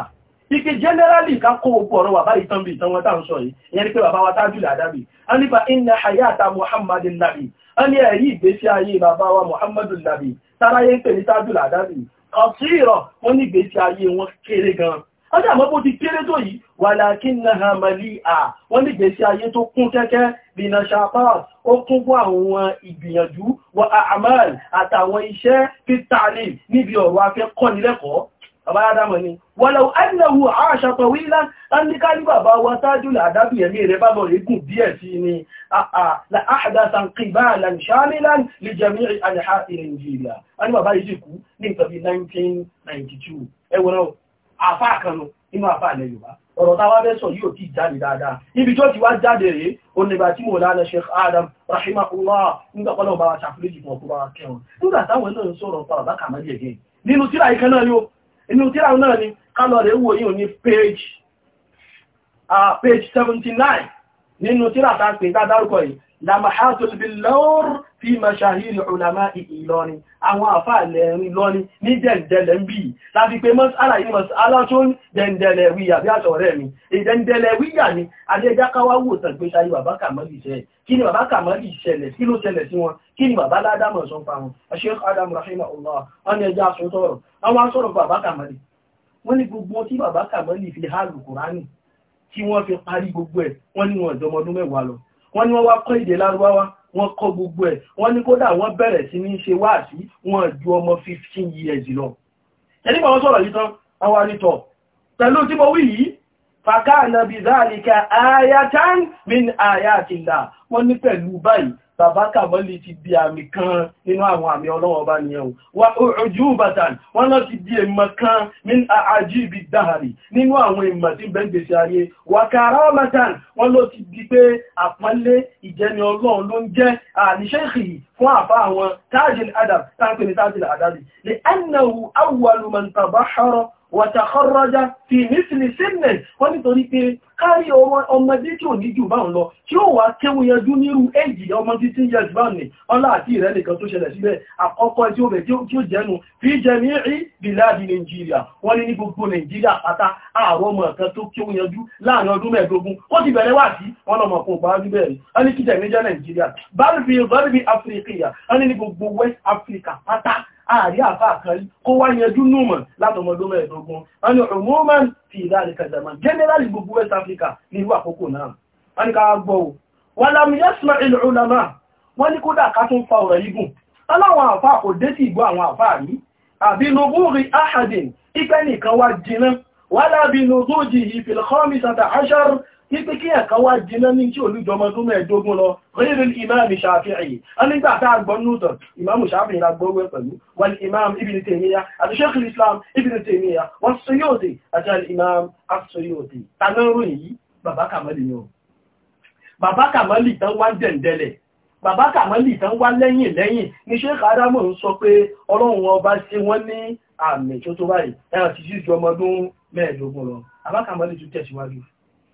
Speaker 3: ike generally ká kó ogbò ọ̀rọ̀ wà báyìí tán bí ìtàn wọn táwọn sọ yìí ìyẹn ni pé bàbá wa tájúlẹ̀ àdábì a nípa inna hayata muhammadin nabi a ní ẹ̀yí ìgbésí ayé bàbá wa muhammadin nabi táráyé ń pè ní tájúlẹ̀ àdábì ọ̀tí ìrọ̀ wọ́n ní ìgbésí ayé wọn kéré gan-an ọjọ́ àmọ́ bó ti kéré tó yìí wà lákínnáha màlíà wọ́n lè gbèsè ayé tó kún kẹ́kẹ́ bìnà ṣàpáà ó kún fún àwọn ìgbìyànjú wọ àmàl àtàwọn iṣẹ́ pítàlì níbi ọ̀rọ̀ afẹ́ kọ́nilẹ́kọ̀ọ́ bàbá adámọ̀ ni wọ́lọ̀ ẹ̀lẹ́wù àṣàtọ̀ wílá ẹnìká ní bàbá wa sáájú làdábì ẹ̀mí rẹ̀ bá bọ̀ régùn díẹ̀ sí ni àdásan kìbá alàmìṣàmìlán lè jẹmí àdáhà ìrìnjìlá ẹni bàbá yìí ẹwọ́n àfá kanu inú àfá ilẹ̀ Yorùbá ọ̀rọ̀ táwa bẹ́ sọ yóò ti jáde dáadáa níbi tó ti wá jáde rèé o nígbà tí mo lánà Sheikh Adam rahimahullah nígbà pọ́lọ̀ bá wa ṣàfúlẹ́jì fún ọkọ̀ bá wa kẹrùn nígbà táwọn náà ń sọ̀rọ̀ pa bàbá kàmá yẹ̀ gẹ̀ nínú tíra ìkan náà ni ó inú tíra náà ni kálọ̀ rẹ̀ wò yìí ní page ah, page seventy nine nínú tíràtà pé dádárúkọ yìí lamahatul billawr fi mashahil ulama ìlọrin àwọn àfáàlẹ̀ ẹ̀rin lọ́rin ní dẹ̀ndẹ̀lẹ̀ ń bí i láti pé mọ́sálà yìí mọ́sálà tó ń dẹ̀ndẹ̀lẹ̀ wíyà bí àṣọ rẹ̀ mi ìdẹ̀ndẹ̀lẹ̀ wíyà ni adéjákáwá wò tàn pé ṣayé bàbá kàmọ́lì ṣẹlẹ̀ kí ni bàbá kàmọ́lì ṣẹlẹ̀ kí ló ṣẹlẹ̀ sí wọn kí ni bàbá ládámọ̀ sọ fa wọn Sheikh Adam rahimahullah ọ̀nà ẹja sọ tọrọ àwọn sọ̀rọ̀ bàbá kàmọ́lì tí wọ́n fi parí gbogbo ẹ̀ wọ́n ní wọn ìjọmọdún mẹ́wàá lọ wọ́n ní wọ́n wá kọ́ èdè lárúbáwá wọ́n kọ́ gbogbo ẹ̀ wọ́n ní kódà wọ́n bẹ̀rẹ̀ sí ní ṣe wáàsí wọn ju ọmọ 15 years lọ ẹni pọ̀ wọ́n sọ̀rọ̀ yìí tán àwọn anìtọ̀ pẹ̀lú tí mo wí yìí fàkà nàbì záàlìkà ayatan min ayatillah wọ́n ní pẹ̀lú báyìí tàbákà mọ́lì ti di àmì kan nínú àwọn àmì ọlọ́wọ́ bá nìyẹn wà ojú bàtàn wọ́n lọ ti di èmọ̀ kan ní àjí ibi dáhàrí nínú àwọn èmọ̀ tí bẹ́gbèsè ayé wà kààrà ọmọdàn wọ́n lọ ti di pé àpọ́nlé ìjẹni ọlọ́run ló ń jẹ́ wàtàkọ́rọ́já fi nísìlì sínẹ̀ wọ́n nítorí pé kárí ọmọdé tí ò ní jù bá ń lọ tí ó wà kéwú yanjú nírú èjì ọmọ títí yẹ jù bá ní ọlá àti ìrẹ́ nìkan tó ṣẹlẹ̀ sílẹ̀ àkọ́kọ́ tí ó bẹ̀ tí ó jẹnu fi jẹ ní rí bìláàdì nàìjíríà wọ́n ní ní gbogbo nàìjíríà pátá àwọn ọmọ kan tó kéwú yanjú láàrin ọdún mẹ́ẹ̀ẹ́dógún ó ti bẹ̀rẹ̀ wà sí wọn lọ́mọ kò bá rí bẹ́ẹ̀ ẹni west africa pátá ààrí àfáà kan kó wá yanjú númọ̀ látọmọdún mẹ́ẹ̀dógún wọn ni ọmọọ́mọ́n fi ìdáàrí kàzàmà generally gbogbo west africa ní irú àkókò náà wọn ni ká gbọ́ o wọn lámú yẹ́sùmọ́ ilẹ̀ ọlọ́mà wọn ní kódà ká tún fa ọ̀rọ̀ yìí gùn aláwọn àfáà kò dé sí ìgbọ́ àwọn àfáà yìí àbí nubúrí ahadin ipẹ́ nìkan wá jiná wọ́n lábí nubújì ìfìlkọ́mì sàtà àṣàrù Ipe kí ẹ̀kan wá jiná ní tí olújọmọdún mẹ́ẹ̀dógún lọ, rírìn ìmáàmì ṣàfihàn. A nígbà tá a gbọ́ nútọ̀, ìmáàmù ṣàfihàn agbóhùn pẹ̀lú, wal ìmáàmù Ibn Taymiyyah, àti Sheikh al-Islam Ibn Taymiyyah, wọ́n Suyuti àti al-Imam as-Suyuti. Tanú ròyìn yìí, bàbá Kàmálì ni ó. Bàbá Kàmálì tán wá dẹ̀ndẹ̀lẹ̀ bàbá kàmọ́lì tán wá lẹ́yìn lẹ́yìn ní Sheikh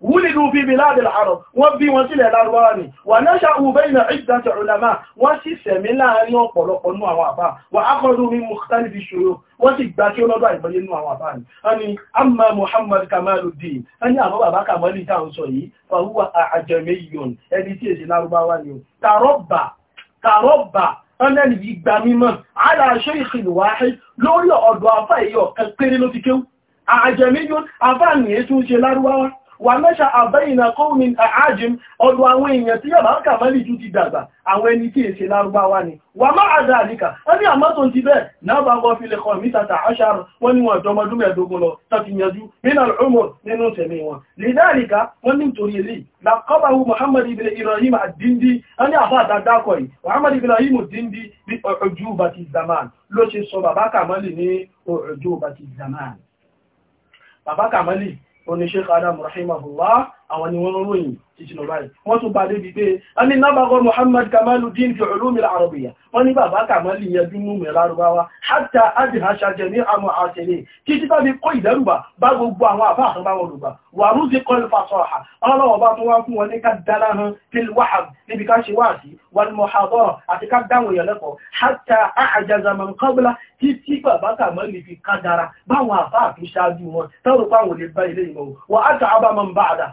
Speaker 3: wúlìdú fi biláàdì al-arab wọ́n bí wọn sílẹ̀ lárúbáwá ni wà náà ṣàkóso bẹ́yìn náà ìdájọ́ ulama wọ́n sì sẹ̀mí láàrin ọ̀pọ̀lọpọ̀ nú àwọn àbá wà ákọ̀ọ́dún ní mùsùlùmí fi ṣòro wọ́n sì gbá kí ó lọ́dọ̀ àìbọ̀yé àwọn àbá wà mẹ́ṣà àbẹ́yìnà kọ́ùnmin àájìm ọdún àwọn èèyàn tí yàbá kà mẹ́lì tún ti dàgbà àwọn ẹni tí èsè lárúbáwá ni wà má àdá àníkà ẹni àmọ́tò ti bẹ́ẹ̀ náà bá gọ́ fílẹ̀ kan mítà tà áṣàrù wọ́n ní wọn dọmọdún mẹ́ẹ̀dógún lọ tàbí yanjú nínú ọmọ nínú tẹ̀mí wọn lèdáàríkà wọ́n ní nítorí èlé làkọ́bàwù Muhammad ibn Ibrahim àdíndí ẹni àbá àdádákọ̀ yìí Muhammad Ibrahim àdíndí bí ọjọ́ bàtí zaman ló ṣe sọ bàbá kàmọ́lì ní ọjọ́ bàtí zaman bàbá kàmọ́lì قول الشيخ آدم رحمه الله àwọn ni wọ́n ròyìn ìṣìnà báyìí wọ́n tún bá débi pé a ní nábàgọ́ Muhammad Kamaluddin fi ulumil arabiyya wọ́n ní bàbá Kamalu yẹjú mú mẹ́ lárúbáwá hatta adìhàṣà jẹ́ ní àmọ́ àṣẹlẹ̀ kí títà bí kó ìdẹ́rùbà bá gbogbo àwọn àbá àtàbáwọn olùgbà wà rúzi kọ́ ìfàṣọ́ha ọlọ́wọ́ bá tún wá fún wọn ní ká dára hàn fil wahab níbi ká ṣe wáàsí wal muhadara àti ká dáwọn èèyàn tí bàbá Kamalu fi ká báwọn àbá àtúnṣáájú wọn tọ́rọ pàwọn lè bá ilé ìmọ̀ wọ́n á ta àbá man ba'da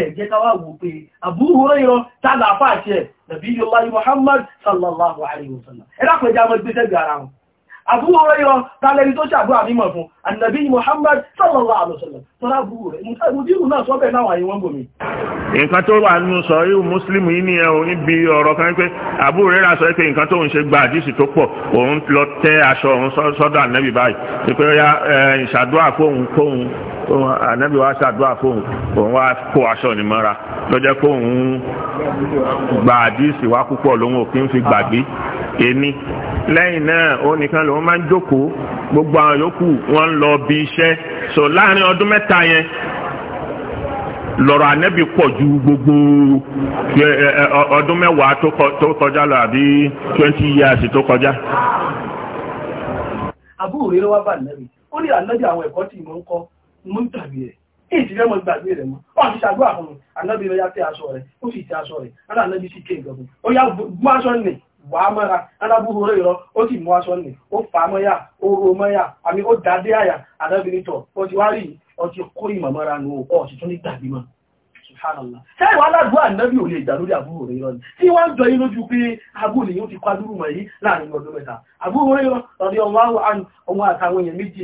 Speaker 3: ẹ̀jẹ́ ká wá wò pé Abu Hurairah tààlà àfáàṣì ẹ̀ Nabiyullahi Muhammad sallallahu alaihi wasallam ẹ̀dàpọ̀ ẹjá mọ́ gbéṣẹ́ bí ara wọn Abu Hurairah tààlẹ́rí tó ṣàdúrà mímọ̀ fún annabi Muhammad sallallahu alaihi wasallam tọ́lá Abu Hurairah mùdírù náà sọ́bẹ̀ náà àyíwọ́n bòmí
Speaker 1: nǹkan tó wà nínú sọ yíò mùsùlùmù yìí ni ẹ̀hún níbi ọ̀rọ̀ kan pé àbúrò rẹ̀ rà sọ pé nǹkan tó ń ṣe gba àdìsí tó pọ̀ òun lọ tẹ́ aṣọ òun sọ́dọ̀ ànẹ́bì báyìí pé ànábì wa ṣàdúrà fóun òun wá kó aṣọ nìmọ́ra lọ́jọ́ pé òun gba àdíìsì wá púpọ̀ lòun ò kí ń fi gbàgbé èmi lẹ́yìn náà òun nìkan lòun máa ń jókòó gbogbo àwọn yòókù wọ́n lọ bí so láàrin ọdún mẹ́ta yẹn lọ́rọ̀ anabi pọ̀ ju gbogbo ọdún mẹ́wàá tó kọjá lọ àbí years tó kọjá.
Speaker 3: àbúrò wá bá ó ní àwọn ẹ̀kọ́ tí mo ń mú tàbí rẹ̀ èyí fẹ́ mọ́ gbàgbé rẹ̀ mọ́ ọ̀ ti ṣàgbọ́ àfún mi ànábì rẹ̀ yá tẹ́ aṣọ rẹ̀ ó sì tẹ́ aṣọ rẹ̀ ara sì ké nǹkan ó yá mú aṣọ nì wà á mọ́ra alábúrò rẹ̀ yọ ó sì mú aṣọ nì ó fà á mọ́yà ó ro mọ́yà àmì ó dàdé àyà ànábì ní tọ̀ ó ti wá rí ọ ti kó ìmọ̀ mọ́ra nu ọ̀ sì tún ní gbàgbé mọ́ subhanallah sẹ́yìn wà ànábì ò lè dà lórí àbúrò rẹ̀ yọ tí wọ́n jọ yín lójú pé abúlé yóò ti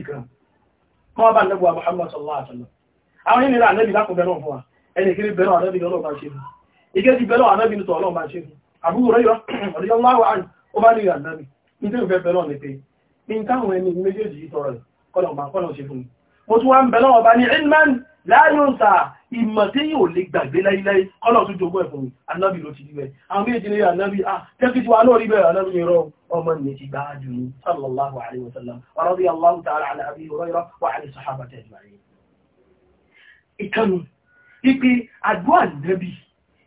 Speaker 3: mọ̀ wọ́n bá nẹ́gbọ́ Muhammad sallallahu alaihi wasallam àwọn yìí nira ànẹ́bì lákùn bẹ̀rẹ̀ fún wa ẹni kiri bẹ̀rẹ̀ ànẹ́bì lọ́nà bá ṣe fún ike ti bẹ̀rẹ̀ ànẹ́bì ní tọ̀ọ̀lọ́ bá ṣe fún àbúrò rẹ̀ ọ̀dọ́ láwọ̀ àrùn ó bá nílò ànẹ́bì ní tí ó fẹ́ bẹ̀rẹ̀ ìmọ̀ tí yóò lè gbàgbé láíláí kọ́lọ̀ tó jogún ẹ̀fún anábì ló ti rí bẹ́ẹ̀ àwọn méjì ní anábì ah tẹ́kì tí wà náà rí bẹ́ẹ̀ anábì ní rọ ọmọ ní ti gbáájú ní sallallahu alaihi wasallam radiyallahu ta'ala ala abi hurairah wa ala sahabati ajma'in ìkànnì ipe àdúrà nẹ́bì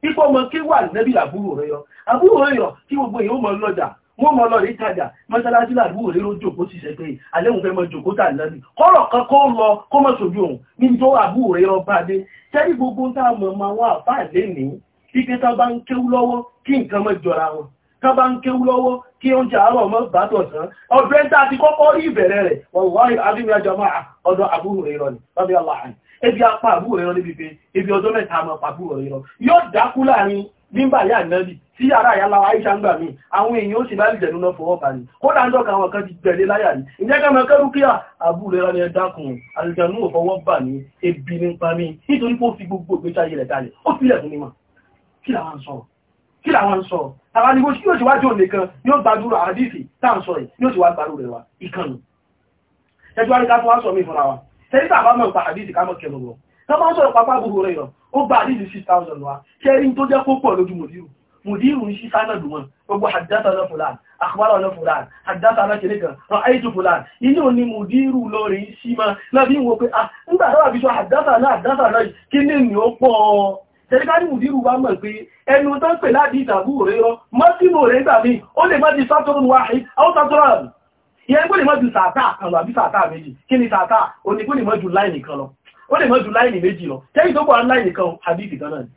Speaker 3: ipò ọmọ kí wà nẹ́bì àbúrò rẹ̀ yọ àbúrò rẹ̀ yọ kí gbogbo èèyàn mọ̀ wọ́n mọ́ lọ rí tajà mọ́sálásí làdúgbò lérò jòkó sì sẹ́gbẹ́ àlẹ́hùn fẹ́ mọ́ jòkó tà lẹ́nu kọ́rọ̀ kan kó lọ kó mọ́ sojú òun ní tó àbúrò rẹ̀ ọba dé tẹ́lí gbogbo tá a mọ̀ máa wọ́n àfá lé ní kíké tá bá ń kéwú lọ́wọ́ kí nǹkan mọ́ jọra wọn tá bá ń kéwú lọ́wọ́ kí oúnjẹ àárọ̀ mọ́ bá dọ̀sán ọ̀dọ̀ ẹ̀ tá a ti kọ́kọ́ rí ìbẹ̀rẹ̀ rẹ̀ wọ́n wá adúmí ajọ máa ọ̀dọ̀ àbúrò rẹ̀ rọ̀ ní bábí aláàánú ebi apá àbúrò rẹ̀ rọ̀ níbi pé ebi ọjọ́ mẹ́ta mọ́ àbúrò nígbà yà nẹ́bì tí yàrá ìyá láwá Aisha ń gbà mí àwọn èèyàn ó sì bá ìjẹ̀nú náà fọwọ́ bà ní kódà ń dọ́ka àwọn kan ti tẹ̀lé láyà ní ìjẹ́kẹ́mọ̀ kẹ́rù kí àbúrò rẹ̀ ní ẹ̀dákùn àlùjẹ̀nú ò fọwọ́ bà ní ebi ní pa mí nítorí pé ó fi gbogbo ìgbésí ayé ni yóò ti wá jò nìkan yóò gbàdúrà àdìsí táwọn sọ̀rọ̀ yóò ti wá gbàdúrà rẹ̀ wa ìkànnì ẹjọ́ àríkà tó wá sọ mí fúnra wa tẹ́lifà bá mọ̀ pa àdìsí ká mọ̀ lọ tọ́ bá pápá gbogbo rẹ̀ lọ ó bá àdíjì 6,000 wa ṣẹ́rí tó jẹ́ kó pọ̀ lójú mòdíù mòdíù ń ṣí sánà lùmọ̀ gbogbo àdásà lọ fòlàn àkùbárà lọ fòlàn àdásà lọ kìnnì kan rán àìjù fòlàn inú ni ma náà bí wo ah nígbà tó àbíṣọ àdásà náà àdásà náà kí ní ní ó pọ̀ ṣẹ́rí ká ní mòdíù wa mọ̀ pé ẹnu tó ń pè láti ìtàbù rẹ̀ rọ mọ́sínú rẹ̀ gbà mí ó lè má di sátọ́rùn wáhí ìyẹn kó lè mọ́ ju sàtà kan ó lè mọ́ ju láìní méjì lọ tẹ́yìn tó kọ́ láìní kan hadith kan náà ni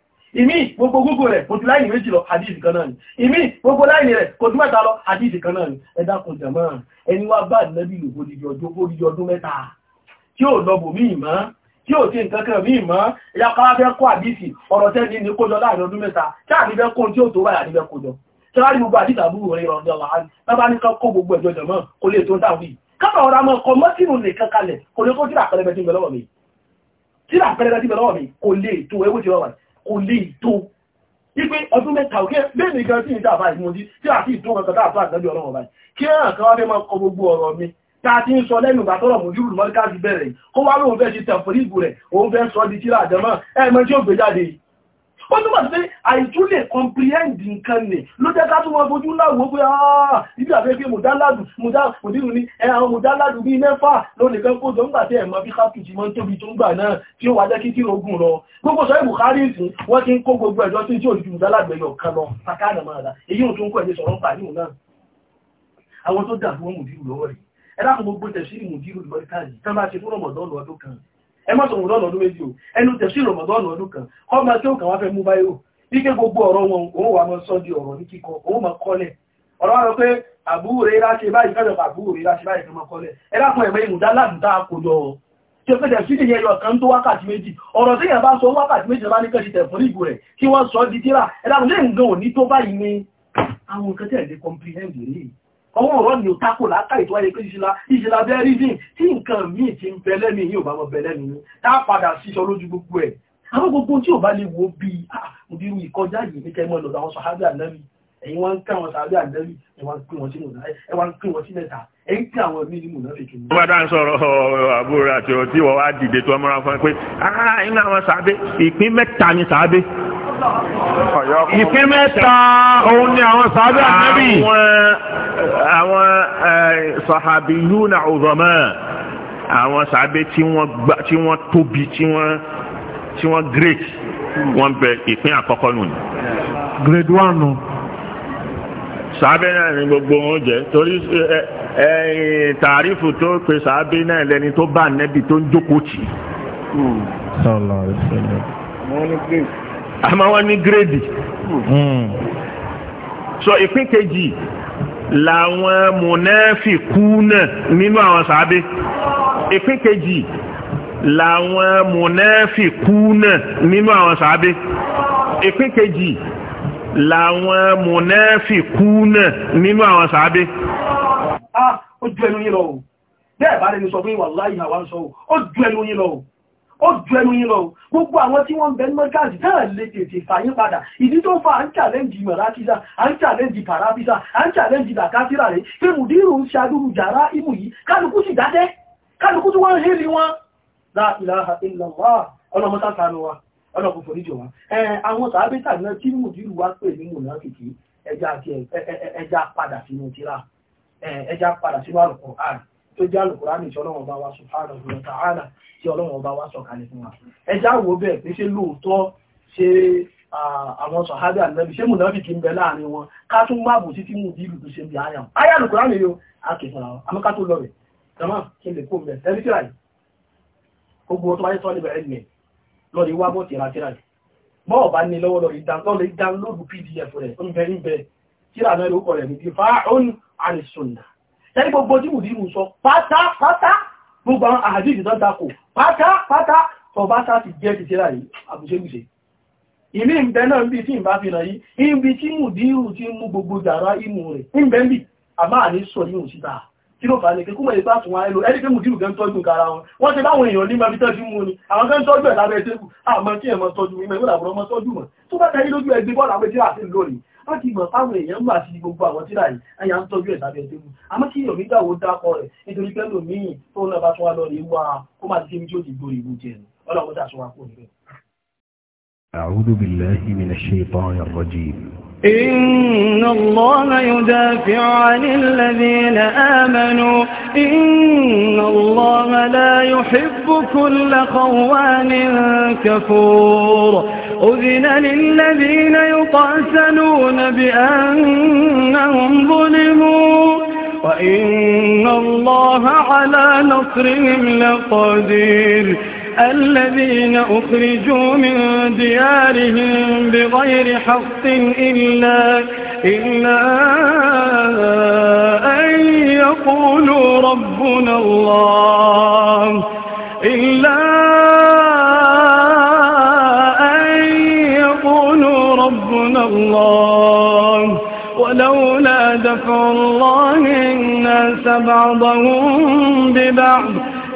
Speaker 3: ìmí gbogbo gbogbo rẹ̀ kò ju láìní méjì lọ hadith kan náà ni ìmí gbogbo láìní rẹ̀ kò ju mẹ́ta lọ hadith kan náà ni ẹ̀dá kan jàmọ́ ẹni wá bá nẹ́bí lò odidi ọjọ́ odidi ọdún mẹ́ta tí ò lọ́bù míì mọ́ tí ò sí nǹkan kan míì mọ́ ẹ̀yà káwá fẹ́ kó àdìsì ọ̀rọ̀ tẹ́ni ní kójọ láàrin ọdún mẹ́ta tí àdìbẹ́ kó tí ò tó báyà àdìbẹ́ kójọ tí wá rí gbogbo àdìsì àbúrò rẹ̀ ọ̀dọ́ ọ̀la bábá ní kó gbogbo ẹ̀jọ́ jọ̀mọ́ kó lè tó ń dàwí kábà ọ̀rọ̀ àmọ́ kọ mọ́sínú nìkan kalẹ̀ kò lè tíra pẹ̀lẹ́dá tí bẹ̀rọ mi kò lè tó ẹwọ́ ti wọ́wà kò lè tó wípé ọdún mẹ́ta òkè lẹ́nì gan tí ìjà àbá ìmúdí tí àti ìtò ọ̀kan tàbí àtàbí ọ̀rọ̀ ọ̀bá kí ẹ̀ràn kan wá fẹ́ máa kọ gbogbo ọ̀rọ̀ mi tá a ti ń sọ lẹ́nu ìgbà tọ́rọ̀ mojú rùmọ́ríkà ti bẹ̀rẹ̀ kó wá lóun fẹ́ ṣe tẹ̀fọ́lì ìbò rẹ̀ òun fẹ́ sọ di tíra àjẹmọ́ ẹ̀mọ́ tí ó gbé jáde ó túnmọ̀ sí pé àìtún lè comprehend nǹkan nì ló jẹ́ ká tún wọn fojú láwùú pé ah, ibi àfẹ́ pé mùdáládù mùdírù ni ẹran mùdáládù bíi mẹ́fà ló nìkan kó jọǹgbà tí ẹ̀mọ́ bí kápìtì mọ́ tóbi tó ń gbà náà tí ó wà jẹ́ kí kí ogun lọ gbogbo sọ ìbù kárìsì wọ́n ti ń kó gbogbo ẹ̀jọ́ sí tí òjì mùdáládù ẹ̀yọ̀ kan lọ sàkánà máa dà èyí ò tún kọ́ ẹ̀jẹ̀ sọ̀rọ̀ pàdé òun náà àwọn tó dà fún mùdírù lọ́wọ́ rẹ̀ ẹ̀dá kan gbogbo tẹ̀sí mùdírù lọ́ọ́ ẹ má sọ rọmọdọ́nù ọdún méjì o ẹnu tẹ̀sí rọmọdọ́nù ọdún kan ọmọ tí ó kàn wá fẹ́ mú báyìí o ike gbogbo ọ̀rọ̀ wọn òun wà mọ́ sọ́ di ọ̀rọ̀ ní kíkọ òun mọ́ kọ́lẹ̀ ọ̀rọ̀ wọn pé àbúrò rẹ̀ láti báyìí fẹ́lẹ̀ àbúrò rẹ̀ láti báyìí fẹ́ mọ́ kọ́lẹ̀ ẹ dákun ẹ̀mọ́ ìmùdá láàdúntà àkójọ tí ó pẹ̀tẹ̀ sí ìyẹn ọ̀kan tó wákàtí méjì ọ̀rọ̀ tí ìyẹn bá sọ wákàtí méjì bá ní kẹ́ ti tẹ̀ fún ìgbò rẹ̀ kí wọ́n sọ di tíra ẹ̀dàkùn lè ń gan òní tó báyìí ní àwọn nǹkan tẹ̀lé comprehend rèé ọwọ́ ọ̀rọ̀ ni ò tako láká ìtọ́wáyé pé ìṣìlá ìṣìlá bẹ́ẹ̀ rí sí tí nǹkan míì ti ń bẹ̀lẹ́ mi yóò bá mọ bẹ̀lẹ́ mi ní tá a padà síṣọ lójú gbogbo ẹ̀ àwọn gbogbo tí ò bá lè wo bí irú ìkọjá yìí ní kẹ́mọ́ lọ́dọ̀ àwọn sàhábì ànábì ẹ̀yin wọ́n ń ká àwọn sàhábì ànábì ẹ̀ wọ́n ń pín wọn sí mẹ́ta ẹ̀ ń pín àwọn ẹ̀mí ní mùnà fèkì ní.
Speaker 1: wọ́n bá ń sọ̀rọ̀ àbúrò àti ọtí wọ́n wá dìde tó ọmọ ráfọ́n pé
Speaker 3: ah inú àwọn sàábé
Speaker 1: ìpín mẹ́ta ni sàábé ìpín mẹ́ta òun ni àwọn sàábé ànábì àwọn sọ̀hábì yúnà ọ̀zọ̀mọ́ àwọn sàbẹ̀ tí wọ́n tóbi tí wọ́n tí wọ́n great wọ́n bẹ ìpín àkọ́kọ́ nù ni.
Speaker 4: grade one nù.
Speaker 1: sàbẹ̀ náà ni gbogbo wọn jẹ́ torí tàrífù tó pe sàbẹ̀ náà lẹni tó bá nẹ́bi tó ń jókòó tì. àmọ́ wọ́n ní gírèdì. Hmm. sọ ìpín kejì làwọn mùnẹ́fìkúnà nínú àwọn sàábé ìpín kejì làwọn mùnẹ́fìkúnà nínú àwọn sàábé ìpín kejì làwọn mùnẹ́fìkúnà nínú àwọn sàábé.
Speaker 3: Ah, ó ju ẹnu yín lọ o bẹ́ẹ̀ bá rẹ̀ ní sọ fún ìwà láì àwọn sọ ó ju ẹnu yín lọ o ó ju ẹnu yìí lọ gbogbo àwọn tí wọ́n ń bẹ ní mọ́gáàzì náà lè tètè fàyín padà ìdí tó fa à ń challenge mọ̀lákísà à ń challenge parabisa à ń challenge dàkásíra rẹ̀ pé mùdírù ń ṣadúrú jàrá ìmù yìí kálukú sì dájẹ́ kálukú tí wọ́n ń hélì wọn la ilaha illallah ọlọ́mọ́sá sanu wa ọlọ́kùn foríjì wa àwọn sàábẹ́tà náà tí mùdírù wá pè ní mùnáfìkì ẹja padà sínú tírà ẹja padà sínú àlùkò àrùn tó jẹ́ alùkùránì tí ọlọ́run bá wá subhanahu wa ta'ala tí ọlọ́run bá wá sọ̀kalẹ̀ fún wa ẹjá wo bẹ́ẹ̀ pé ṣé lóòótọ́ ṣe àwọn sọ̀hábí àlẹ́bí ṣé mùnáfíkì ń bẹ láàrin wọn ká tún má títí mú bí ìlú ṣe ń bí ayà ayà alùkùránì yóò á kì fúnra àmọ́ ká tó lọ rẹ̀ tàmá kí lè kó ń bẹ ń tẹ́lẹ̀ gbogbo tí mùdírù sọ pátápátá gbogbo àwọn àdìsì tó takò pátápátá tọba sá ti jẹ́ ti tẹ́lá yìí àbúṣẹ́gbùṣe ìmí ìbẹ náà ń bí tí ìbá fi ràn yìí ibi tí mùdírù ti mú gbogbo jàrá ìmú rẹ̀ ìbẹ̀ ń bì àmá àní sọ yìí síta kí ló fà ní kíkúmọ̀ ìgbà tún wáyé ló ẹni pé mùdírù gan tọ́jú gara wọn wọ́n ti báwọn èèyàn ní mẹ́bí tọ́jú mú ni àwọn gan tọ́jú ẹ̀ lábẹ́ tẹ́kù àmọ́ kí ẹ̀ mọ́ tọ́jú ìmọ̀ ìwọ́n àbúrọ̀ mọ́ tọ́jú mọ́ tó bá tẹ́yí lójú ẹgbẹ́ bọ́ọ̀lù àpẹjẹ́ àti lónìí wọ́n mọ̀ fáwọn èèyàn gbà sí gbogbo àwọn tíra yìí àyà ń tọ́jú ẹ̀dá bẹ̀ẹ́ àmọ́ kí yomi gbà wo rẹ̀ nítorí pẹ́lú míì tó náà bá tún wá lọ wá kó má ti tí ó ti gbòòrò ìlú jẹ ọlọ́run
Speaker 1: أعوذ بالله من
Speaker 4: الشيطان الرجيم
Speaker 2: إن الله يدافع عن الذين آمنوا إن الله لا يحب كل خوان كفور أذن للذين يقاسلون بأنهم ظلموا وإن الله على نصرهم لقدير الذين أخرجوا من ديارهم بغير حق إلا, إلا أن يقولوا ربنا الله إلا أن الله ولولا دفع الله الناس بعضهم ببعض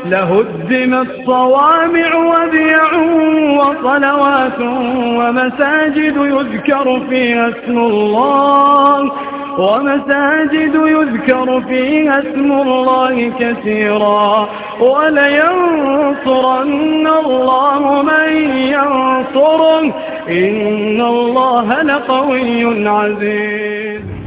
Speaker 2: لهدمت صوامع وبيع وصلوات ومساجد يذكر فيها اسم الله ومساجد يذكر فيها اسم الله كثيرا ولينصرن الله من ينصره إن الله لقوي عزيز